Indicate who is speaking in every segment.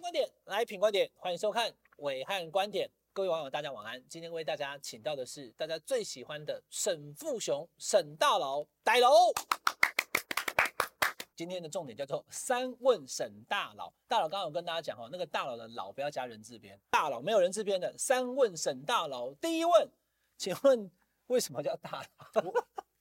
Speaker 1: 觀點來品觀點，歡迎收看暐瀚觀點。各位網友，大家晚安。今天為大家請到的是大家最喜歡的沈富雄沈大老，大老。 今天的重點叫做三問沈大老。大老剛剛有跟大家講哈，那個大老的老不要加人字邊，大老沒有人字邊的。三問沈大老，第一問，請問為什麼叫大老？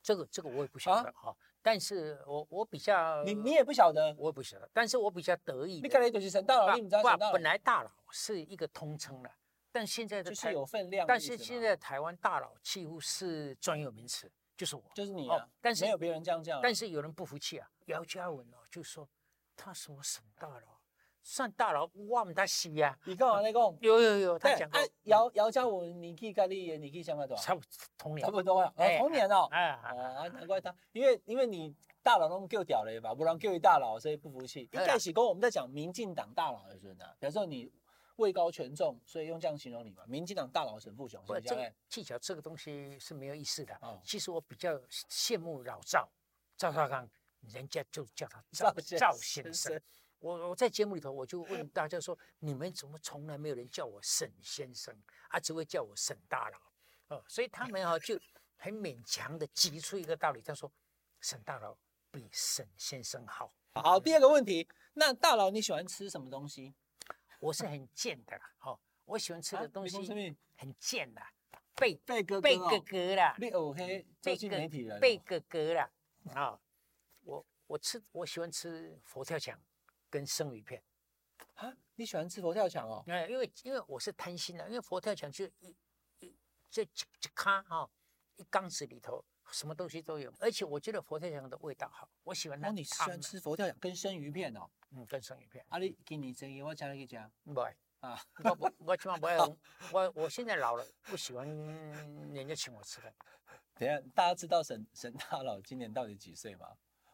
Speaker 1: 這個這個我也不曉得。好、啊。但
Speaker 2: 是我我比較你你也不曉得，我也不曉得。但是我比較得意，你看能就是沈大老，你吧爸？本來大老是一個通稱了，但現在的是有分量。但是現在台灣大老幾乎是專有名詞，就是我，就是你、啊哦、但是沒有別人這樣這樣。但是有人不服氣啊。姚嘉文哦，就說他是我沈大老。算大
Speaker 1: 佬，我唔得死呀、啊！你講，我來講。有有有，他講哎、欸，姚姚嘉文你年紀跟你，可以想阿多，差不同年，差不多啊，哦、同年哦。哎呀，好啊，啊，難怪他，因為因為你大佬攏丟屌嘞吧，不讓丟一大佬，所以不服氣。一開始，剛我們在講民進黨大佬的時候呢，假設你位高權重，所以用這樣形容你吧。民進黨大佬沈富雄，是技巧這個東西是沒有意思的。啊、哦，其實我比較羨慕老趙，趙
Speaker 2: 少康，人家就叫他趙趙家先生。我我在節目裡頭，我就問大家說：你們怎麼從來沒有人叫我沈先生啊，只會叫我沈大老哦？所以他們啊，就很勉強的擠出一個道理，他說：沈大老
Speaker 1: 比沈先生好。好，第二個問題，那大老你喜歡吃什麼東西？我是很賤的啦，我喜歡吃的東西很賤的，貝貝哥哥啦，貝歐黑，這幾個媒體人，貝
Speaker 2: 哥哥啦。啊，我我吃我喜歡吃佛跳牆。跟生魚片，啊，你喜歡吃佛跳牆哦？因為因為我是貪心的，因為佛跳牆就一一這這卡哈，一缸子裡頭什麼東西都有，而且我覺得佛跳牆的味
Speaker 1: 道好，我喜歡它、啊。你喜歡吃佛跳牆跟生魚片哦？嗯，跟生魚片。阿里給你這個了、啊，我講一個講，不愛
Speaker 2: 啊，我我我起碼不愛，我我現在老了，不喜歡
Speaker 1: 人家請我吃的。等下，大家知道沈沈大老今年到底幾歲嗎？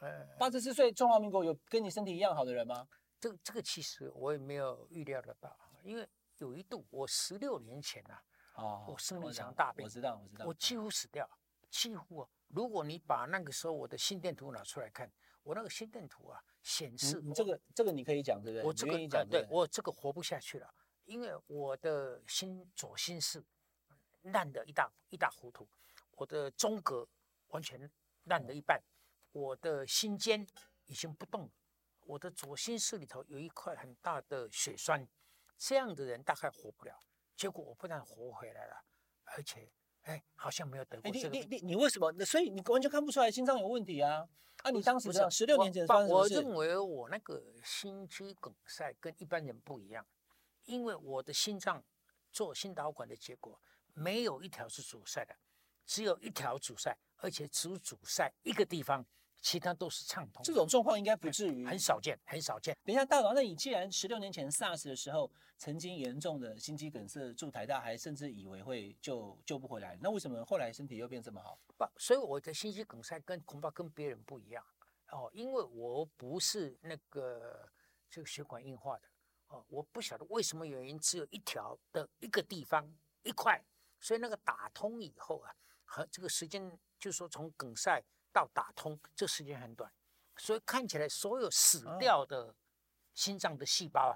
Speaker 1: 哎，八十四歲中華民國有跟你身體一樣好的人嗎？嗯、這這個其實我也沒有預料得到，
Speaker 2: 因為有一度我十六年前吶、啊。
Speaker 1: 哦，我生了一場大病我。我知道，我知道，我
Speaker 2: 幾乎死掉，幾乎啊、嗯。如果你把那個時候我的心電圖拿出來看，我那個心電圖啊顯示，嗯、
Speaker 1: 這個這個你可以講對不對？我這個講、嗯，對
Speaker 2: 我這個活不下去了，因為我的心左心室爛的一大一大糊塗，我的中隔完全爛了一半。嗯我的心尖已經不動，我的左心室裡頭有一塊很大的血栓，這樣
Speaker 1: 的人大概活不了。結果我不但活回來了，而且，哎、欸，好像沒有得過這個病。欸你你你為什麼？所以你完全看不出來心臟有問題啊？啊，你當時是十六年前，是是我，我認
Speaker 2: 為我那個心肌梗塞跟一般人不一樣，因為我的心臟做心導管的結果沒有一條是阻塞的，只有一條阻塞，而且只阻塞一個地方。其他都是暢通，這種狀
Speaker 1: 況應該不至於、嗯、很少見，很少見。等一下，大老，那你既然十六年前 SARS 的時候曾經嚴重的心肌梗塞住台大，還甚至以為會救救不回來，那為什麼後來身體又變這麼好？不，所以我的心肌梗塞跟恐怕跟別人不一樣哦，因為
Speaker 2: 我不是那個這個血管硬化的哦，我不曉得為什麼原因，只有一條的一個地方一塊，所以那個打通以後啊，和這個時間就說從梗塞。到打通這時間很短，所以看起來所有死掉的心臟的細胞啊，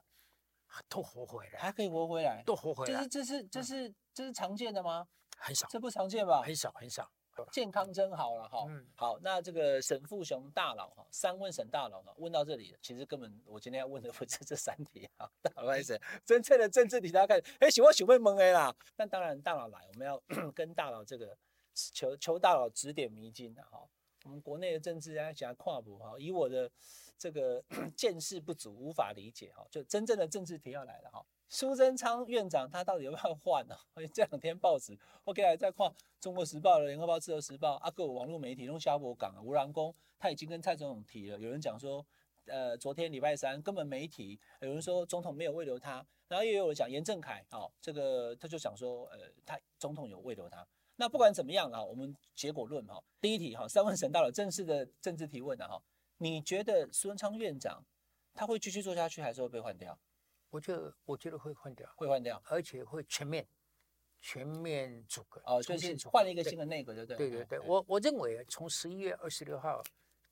Speaker 2: 嗯、都活回來，還
Speaker 1: 可以活回來，都活回來。這是這是這是、嗯、這是常見的嗎？很少，這不常見吧？很少很少。很少，健康真好了哈，嗯、哦、好，那這個沈富雄大老哈，三問沈大老哈，問到這裡，其實根本我今天要問的不是這三題哈、啊，不好意思， 真正的政治題，大家看，哎，喜歡喜歡蒙 A 啦。那當然大老來，我們要 跟大老這個求求大老指點迷津的哈。國內的政治啊，講跨步哈，以我的這個見識不足，無法理解哈。就真正的政治題要來了哈。蘇貞昌院長他到底有沒有換呢？這兩天報紙 OK 來在跨中國時報、聯合報、自由時報、阿、啊、各有網絡媒體用消博港啊，吳蘭宮他已經跟蔡總統提了。有人講說，呃，昨天禮拜三根本沒提。有人說總統沒有慰留他，然後又有人講顏振凱哦，這個他就講說，呃，他總統有慰留他。那不管怎麼樣啊，我們結果論哈，第一題哈，三問沈大老正式的政治提問了哈，你覺得蘇貞昌院長他會繼續做下去，還是會被換掉？我覺得，我覺得會換掉，會換掉，而且會全面、全面阻隔。啊、哦，就是換了一個新的內閣，對不對？對對對，我
Speaker 2: 我認為從十一月二十六號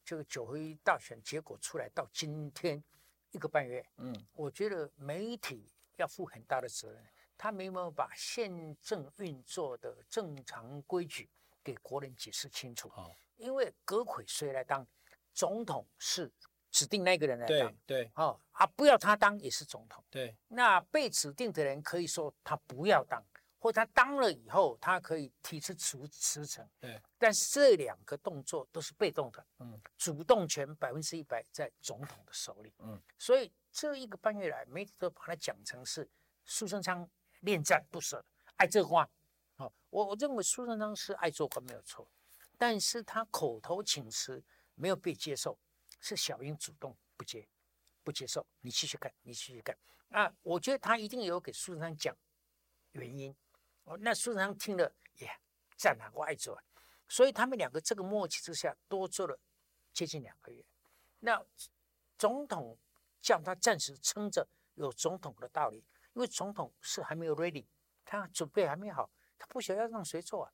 Speaker 2: 這個九合一大選結果出來到今天一個半月，嗯，我覺得媒體要負很大的責任。他沒有把憲政運作的正常規矩給國人解釋清楚、oh. 因為閣揆誰來當總統是指定那個人來當，對對、哦，啊，不要他當也是總統，對。那被指定的人可以說他不要當，或者他當了以後，他可以提出辭呈，對。但是這兩個動作都是被動的，嗯，主動權百分之一百在總統的手裡，嗯。所以這一個半月來，媒體都把它講成是蘇貞昌戀棧不捨，愛做官，啊、哦，我我認為蘇貞昌當時愛做官沒有錯，但是他口頭請辭沒有被接受，是小英主動不接，不接受，你繼續幹，你繼續幹，啊，我覺得他一定有給蘇貞昌講原因，哦，那蘇貞昌聽了也贊同我愛做、啊，所以他們兩個這個默契之下多做了接近兩個月，那總統叫他暫時撐着，有總統的道理。因為總統是還沒有 ready，他準備還沒好，他不曉得要讓誰做啊？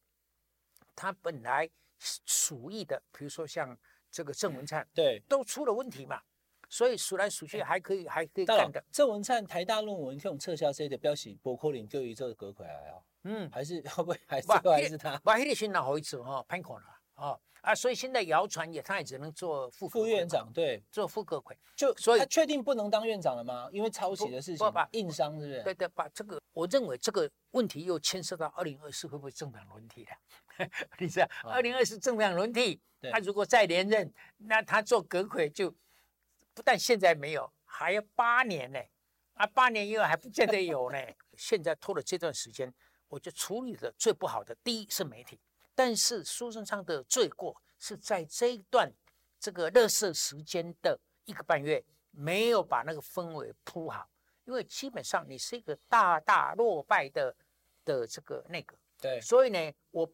Speaker 2: 他本來是屬意的，比如說像這個鄭文燦、嗯，對，都出了問
Speaker 1: 題嘛，所以數來數去還可以，欸、還可以的。當然，鄭文燦台大論文被我們撤銷，這的標示包括林就一的隔開來啊、喔。嗯還，還是會不
Speaker 2: 會還是還是他？
Speaker 1: 哦，啊，所以現在謠傳也，他也只能做副副院長，對，做副閣揆。就所以他確定不能當院長了嗎？因為抄襲的事情，把硬傷是不是？對
Speaker 2: 對，把這個，我認為這個問題又牽涉到二零二四會不會政黨輪替了？ 你知道，二零二四政黨輪替，他對、啊、如果再連任，那他做閣揆就不但現在沒有，還要八年呢。啊，八年以後還不見得有呢。 現在拖了這段時間，我覺得處理的最不好的，第一是媒體。但是蘇貞昌的罪過是在這一段這個垃圾時間的一個半月，沒有把那個氛圍鋪好，因為基本上你是一個大大落敗的的這個那個。對，所以呢，我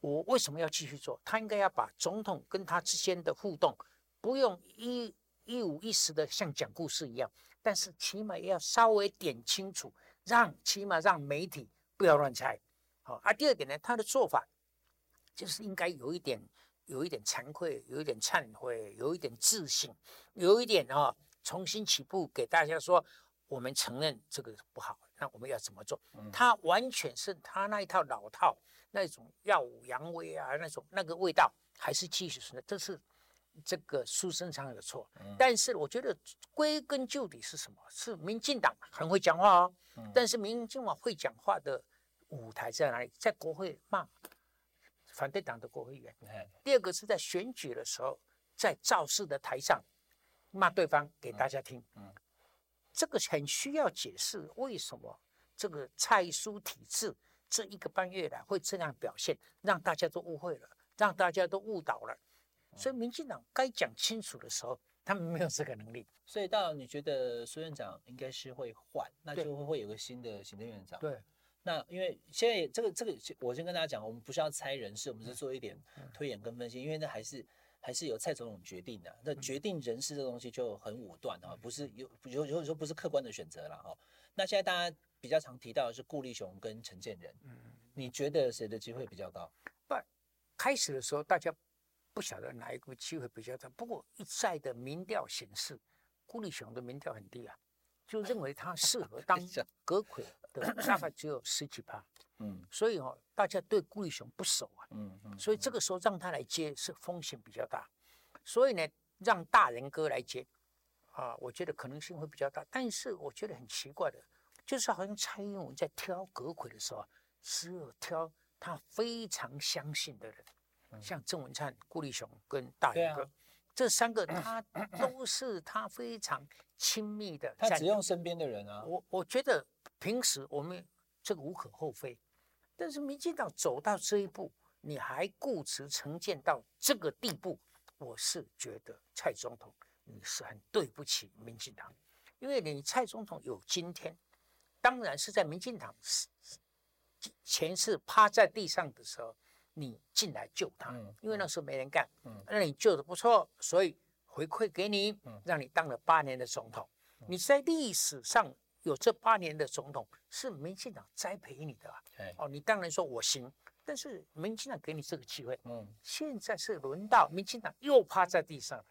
Speaker 2: 我為什麼要繼續做？他應該要把總統跟他之間的互動，不用一一五一十的像講故事一樣，但是起碼也要稍微點清楚，讓起碼讓媒體不要亂猜。好，啊，第二點呢，他的做法。就是應該有一點，有一點慚愧，有一點懺悔，有一點自信，有一點啊、哦，重新起步，給大家說，我們承認這個不好，那我們要怎麼做？嗯、他完全是他那一套老套，那種耀武揚威啊，那種那個味道還是繼續存在。這是這個書生常有的錯，嗯、但是我覺得歸根究底是什麼？是民進黨很會講話哦，嗯、但是民進黨會講話的舞台在哪裡？在國會罵。反對黨的國會議員。嘿第二個是在選舉的時候，在造勢的台上罵對方給大家聽。嗯，嗯，這個很需要解釋，為什麼這個蔡蘇體制這一個半月來會這樣表現，讓大家都
Speaker 1: 誤會了，讓大家都誤導了。嗯、所以民進黨該講清楚的時候，他們沒有這個能力。所以，到你覺得蘇院長應該是會換，對那就會有個新的行政院長。對。那因為現在這個這個，我先跟大家講，我們不是要猜人事，我們是做一點推演跟分析。因為那還是還是由蔡總統決定的，那決定人事這東西就很武斷啊，不是有有有時候不是客觀的選擇了哈。那現在大家比較常提到的是顧立雄跟陳建仁，你覺得誰的機會比較高？不，開始的時候大家不曉得哪一個機會比較大，不過一再的民
Speaker 2: 調顯示，顧立雄的民調很低啊，就認為他適合當閣揆.大概只有十幾趴， 嗯，所以哦，大家對顧立雄不熟啊，嗯嗯，嗯，所以這個時候讓他來接是風險比較大，所以呢，讓大仁哥來接，啊，我覺得可能性會比較大。但是我覺得很奇怪的，就是好像蔡英文在挑閣揆的時候，只有挑他非常相信的人，像鄭文燦、顧立雄跟大仁哥、嗯、這三個，他、嗯、都是他非常親密的。他只用身邊的人啊。我我覺得。平時我們這個無可厚非，但是民進黨走到這一步，你還固執成見到這個地步，我是覺得蔡總統，你是很對不起民進黨。因為你蔡總統有今天，當然是在民進黨前次趴在地上的時候，你進來救他，因為那時候沒人幹，那你救得不錯，所以回饋給你，讓你當了八年的總統，你在歷史上。有這八年的總統是民進黨栽培你的，啊，哦，你當然說我行，但是民進黨給你這個機會，嗯，現在是輪到民進黨又趴在地上，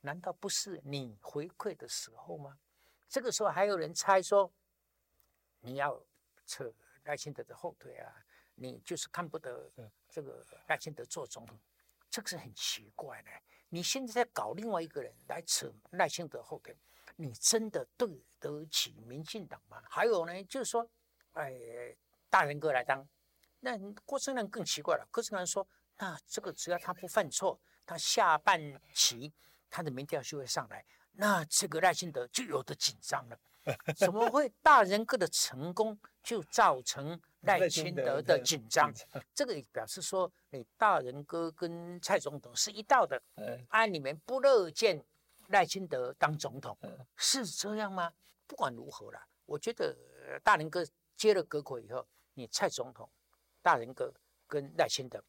Speaker 2: 難道不是你回饋的時候嗎？這個時候還有人猜說你要扯賴清德的後腿啊，你就是看不得這個賴清德做總統，這個是很奇怪的。你現在在搞另外一個人來扯賴清德後腿。你真的對得起民進黨嗎？還有呢，就是說，哎，大仁哥來當，那郭正亮更奇怪了。郭正亮說，那這個只要他不犯錯，他下半期他的民調就會上來。那這個賴清德就有的緊張
Speaker 1: 了。
Speaker 2: 怎麼會大仁哥的成功就造成賴清德的緊張？這個也表示說，你、哎、大仁哥跟蔡總統是一道的。按你們不樂見。賴清德當總統是這樣嗎？不管如何了，我覺得大仁哥接了閣揆以後，你蔡總統、大仁哥跟賴清德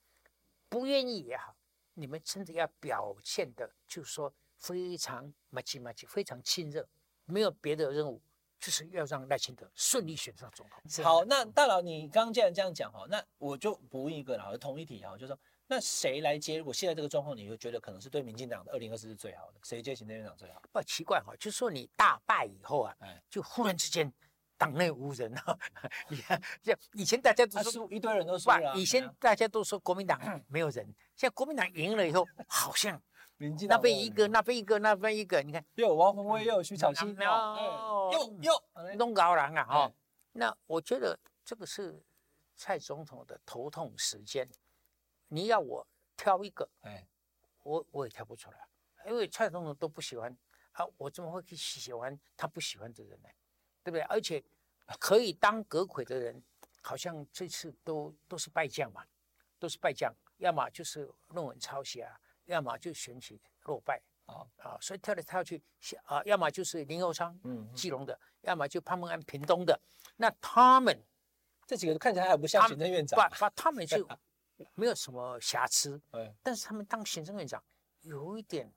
Speaker 2: 不願意也好，你們真的要表現的，就是說非常
Speaker 1: 默契、默契，非常親熱，沒有別的任務，就是要讓賴清德順利選上總統。啊、好，那大老，你剛剛既然這樣講哦，那我就補一個啊，同一題啊，就是說。那誰來接？如果現在這個狀況，你會覺得可能是對民進黨的二零二四是最好的？誰接行政院長最好？不奇怪哈、哦，就說你大敗以後啊，哎、就忽然之間黨內無人啊、哦。
Speaker 2: 你看，這以前大家都說一堆人都說、啊，了以前大家都說國民黨沒有人，對現在國民黨贏了以後，好像民進黨那邊一個，那邊一個，那邊一個，你看，有王鴻薇，又有徐巧芯，又有有鍾高郎啊，哈對、哦，那我覺得這個是蔡總統的頭痛時間。你要我挑一個，哎，我我也挑不出來，因為蔡總統都不喜歡，啊，我怎麼會去喜歡他不喜歡的人呢？對不對？而且可以當閣揆的人，好像這次都都是敗將嘛，都是敗將，要麼就是論文抄襲啊，要麼就選舉落敗啊、哦、啊，所以跳來跳去，啊，要麼就是林右昌、基隆的，嗯、哼要麼就潘孟安、屏東的，那他們這幾個看起來還不像行政院長，把把他們就。 沒有什麼瑕疵，哎、但是他們當行政院長有一點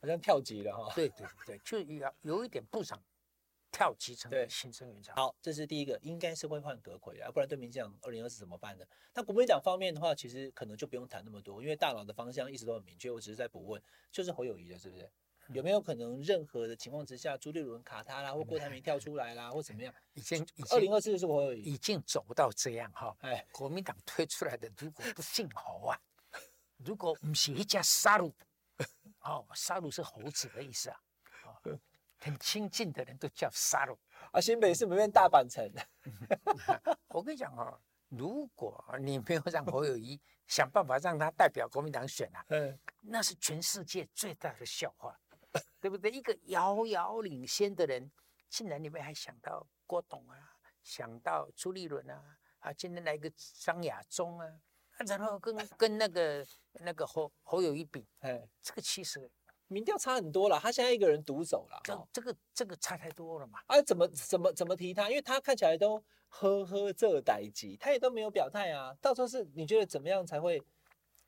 Speaker 2: 好像跳級了哈，對
Speaker 1: 對對，就有有一點部長跳級成為行政院長。好，這是第一個，應該是會換閣揆的，不然對民進黨二零二四怎麼辦呢？那國民黨方面的話，其實可能就不用談那麼多，因為大佬的方向一直都很明確，我只是在補問，就是侯友宜了，是不是？有沒有可能，任何的情況之下，朱立倫卡他啦，或郭台銘跳出來啦，嗯啊、或怎麼樣？
Speaker 2: 以前二零二四是侯已經走到這樣哈、哦。哎，國民黨推出來的如、啊，如果不姓侯啊，如果唔是一家沙魯哦，沙魯是猴子的意思啊，哦、很親近的人都叫沙魯而、啊、新北市不念大阪城、嗯啊？我跟你講啊、哦，如果你沒有讓侯友宜，想辦法讓他代表國民黨選啊，嗯，那是全世界最大的笑話。 對不對？一個遙遙領先的人，竟然裡面還想到郭董啊，想到朱立倫啊，啊，今天來一個張亞中啊，啊然後跟跟那
Speaker 1: 個那個侯侯友宜比，哎嘿，這個其實民調差很多了。他現在一個人獨走了，這這個這個差太多了嘛。啊，怎麼怎麼怎麼提他？因為他看起來都呵呵這呆雞，他也都沒有表態啊。到時候是你覺得怎麼樣才會？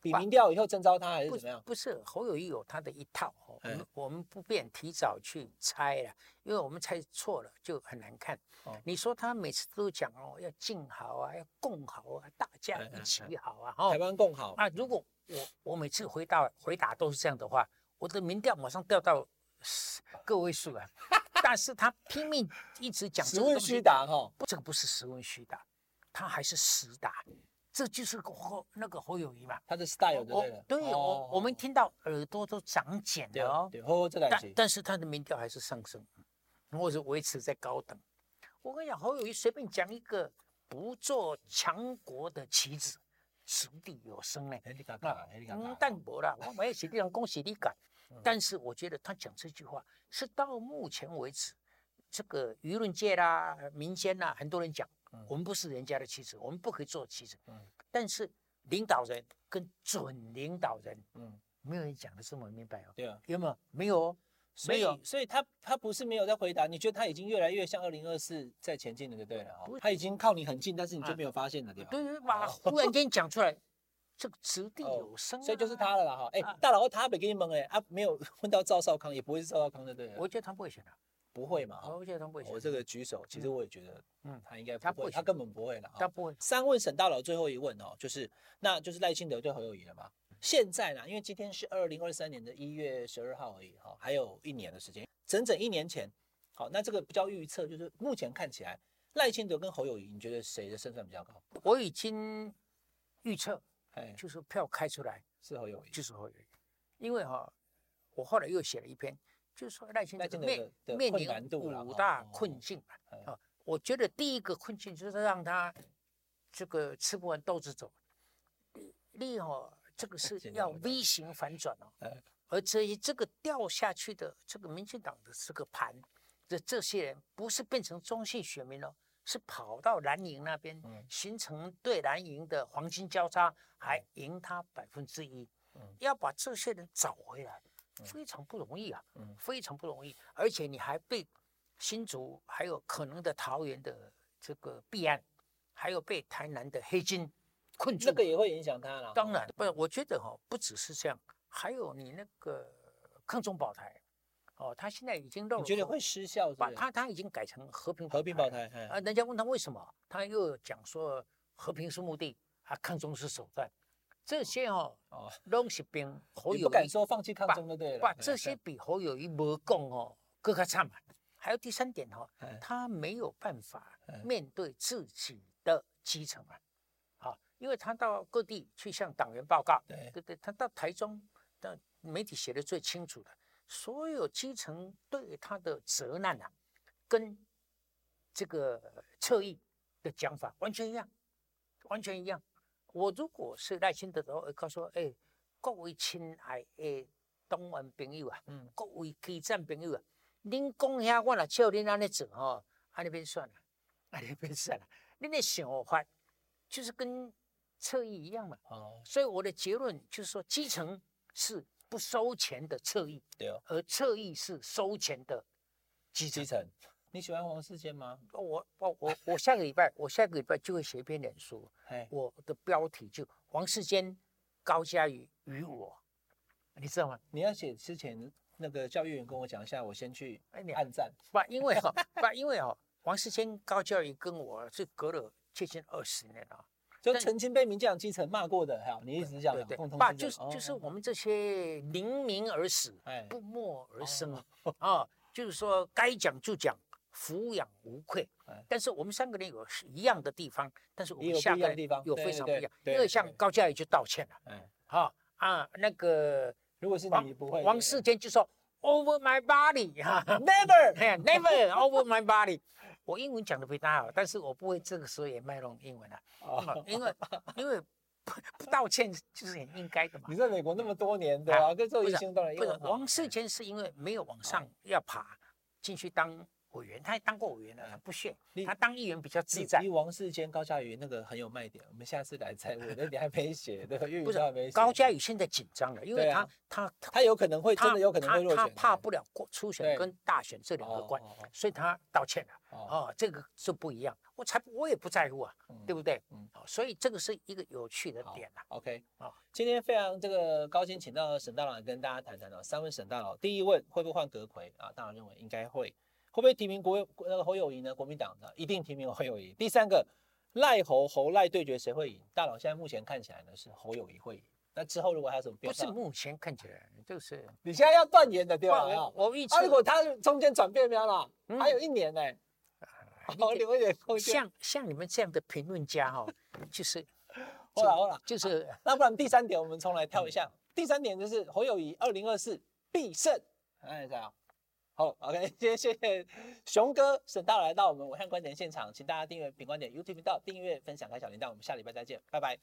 Speaker 1: 比民調以後徵召他還是怎麼樣，啊不？不是侯友宜有他的一套，哦嗯、我們不便
Speaker 2: 提早去猜了，因為我們猜錯了就很難看。哦，你說他每次都講哦，要靜好啊，要共好啊，大家一起好啊，啊哦，台
Speaker 1: 灣共好，啊，
Speaker 2: 如果我我每次回答回答都是這樣的話，我的民調馬上掉到個位數了。 但是他拼命一直講實問虛答，哦，不，這個不是實問虛答，他還是實答。這就是侯那個侯友宜嘛，他的 style，哦，對對我，哦，我們聽到耳朵都長繭了，哦對。對，但但是他的民調還是上升，我是維持在高等。我跟你講，侯友宜隨便講一個不做強國的棋子，擲地有聲呢。敢敢嗯，淡薄了，我沒寫地方恭喜你敢， 但是我覺得他講這句話是到目前為止，這個輿論界啦、民間啦，很多人講。我們不是人家的妻子，我們不可以做妻子。嗯，但是領導人跟準領導人，嗯，沒有人講得這麼明白哦。對啊，有沒有？沒有哦，沒有。
Speaker 1: 所以他他不是沒有在回答，你覺得他已經越來越像二零二四在前進了，就對了。他已經靠你很近，但是你就沒有發現的對吧，對對，哇！忽然間講出來，這個擲地有聲。所以就是他了啦，哈！哎，大老，他沒給你蒙哎啊，沒有問到趙少康，也不會是趙少康的，對不對？我覺得他不會選他。不會嘛？嗯、同同我這個舉手，其實我也覺得，嗯，他應該不會，嗯嗯、他，不他根本不會了啊。他不會。哦、三問沈大老，最後一問哦，就是，那就是賴清德對侯友宜了嗎？現在呢，因為今天是二零二三年的一月十二號而已，哈、哦，還有一年的時間，整整一年前。好、哦，那這個不叫預測，就是目前看起來，賴清德跟侯友宜，你覺得誰的勝算比較高？我已經預測，哎，就是票
Speaker 2: 開出來、哎、是侯友宜，就是侯友宜，因為哈、哦，我後來又寫了一篇。就是說賴清,清德的面面臨五大困境嘛、哦哦哦啊，我覺得第一個困境就是讓他這個吃不完兜著走，利好、哦、這個是要 V 型反轉哦，而至於這個掉下去的這個民進黨的這個盤這這些人，不是變成中性選民了、哦，是跑到藍營那邊，形成對藍營的黃金交叉，嗯、還贏他百分之一，嗯、要把這些人找回來。非常不容易啊，嗯、非常不容易，而且你還被新竹，還有可能的桃園的這個弊案，還有被台南的黑金困住，這個也會影響他了。當然，嗯、不是，我覺得哈，不只是這樣，還有你那個抗中保台，哦，他現在已經讓我，我覺得會失效，把他，他已經改成和平，和平保台，啊，人家問他為什麼，他又講說和平是目的，啊，抗中是手段。這些哈東西兵侯友宜，不敢說放棄抗爭，對了，對對把？把這些比侯友宜沒講哦，更加慘嘛。還有第三點哈、哦，嘿他沒有辦法面對自己的基層啊，好嘿，因為他到各地去向黨員報告，對對？他到台中，的媒體寫得最清楚的，所有基層對他的責難啊，跟這個側翼的講法完全一樣，完全一樣。我如果是賴清德的告我，我會說：哎，各位親愛的黨員朋友啊，嗯，各位基層朋友啊，嗯、您講下話啦，照您安尼做哦，安尼便算了，安尼便算了。您的想法就是跟側翼一樣嘛。哦。所以我的結論就是說，基層是不收錢的側翼，對哦、嗯。而側翼是收錢的
Speaker 1: 基基層。你喜歡王世堅嗎？
Speaker 2: 我我我我下個禮拜，我下個禮拜就會寫一篇臉書。哎，我的標題就王世堅、高
Speaker 1: 嘉瑜與我，你知道嗎？你要寫之前那個教育員跟我講一下，我先去按哎、啊。哎，你按讚，不，因為哈，不， 因為哈，王世堅、高嘉瑜跟我是隔了接近二十年啊，就曾經被民進黨基層罵過的，哈但，你一直講的。不，
Speaker 2: 就是、嗯、就是我們這些寧鳴而死，不默而生啊，就是說該講就講。俯仰無愧，但是我們三個人有是一樣的地方，但是我們下一個地方有非常不一樣。因為像高嘉瑜就道歉了，啊啊，那個如果是你不會，王世堅就說 Over my body 哈，Never，never over my body。我英文講的非常好，但是我不會這個時候也賣弄英文啊。因為，因為不不道歉就是很應該的嘛。你在美國那麼多年，對啊。跟這位先生當然有。不是王世堅是因為沒有往上
Speaker 1: 要爬進去當。委員，他還當過委員他不屑。他當議員比較自在。王世堅、高嘉瑜那個很有賣點，我們下次來再問。那你還沒寫對吧？高嘉瑜現在緊張了，因為他他他有可能會真的有可能會落選，他怕不
Speaker 2: 了過初選跟大選這兩個關，所以他道歉了。哦，這個是不一樣。我才我
Speaker 1: 也不在乎啊，對不對？嗯。所以這個是一個有趣的點吶。OK。好，今天非常這個高興，請到沈大佬來跟大家談談了。三問沈大佬：第一問，會不會換閣揆啊？大佬認為應該會。會不會提名國那個侯友宜呢？國民黨的一定提名侯友宜。第三個賴侯侯賴對決，誰會贏？大老現在目前看起來呢，是侯友宜會贏。那之後如果還有什麼變化？不是目前看起來就是。你現在要斷言的，啊，對吧，啊，我一，啊，如果他中間轉變掉了，嗯，還有一年呢，欸，好，留一點空間。像像你們這樣的評論家哦， 就是
Speaker 2: 就好了好了，
Speaker 1: 就是，啊，那不然第三點我們重來跳一下。嗯，第三點就是侯友宜二零二四必勝。哎，啊，大老，啊。好、oh，OK，今天謝謝熊哥、沈大老來到我們《暐瀚觀點》現場，請大家訂閱《品觀點》YouTube 頻道，訂閱、分享、開小鈴鐺，我們下禮拜再見，拜拜。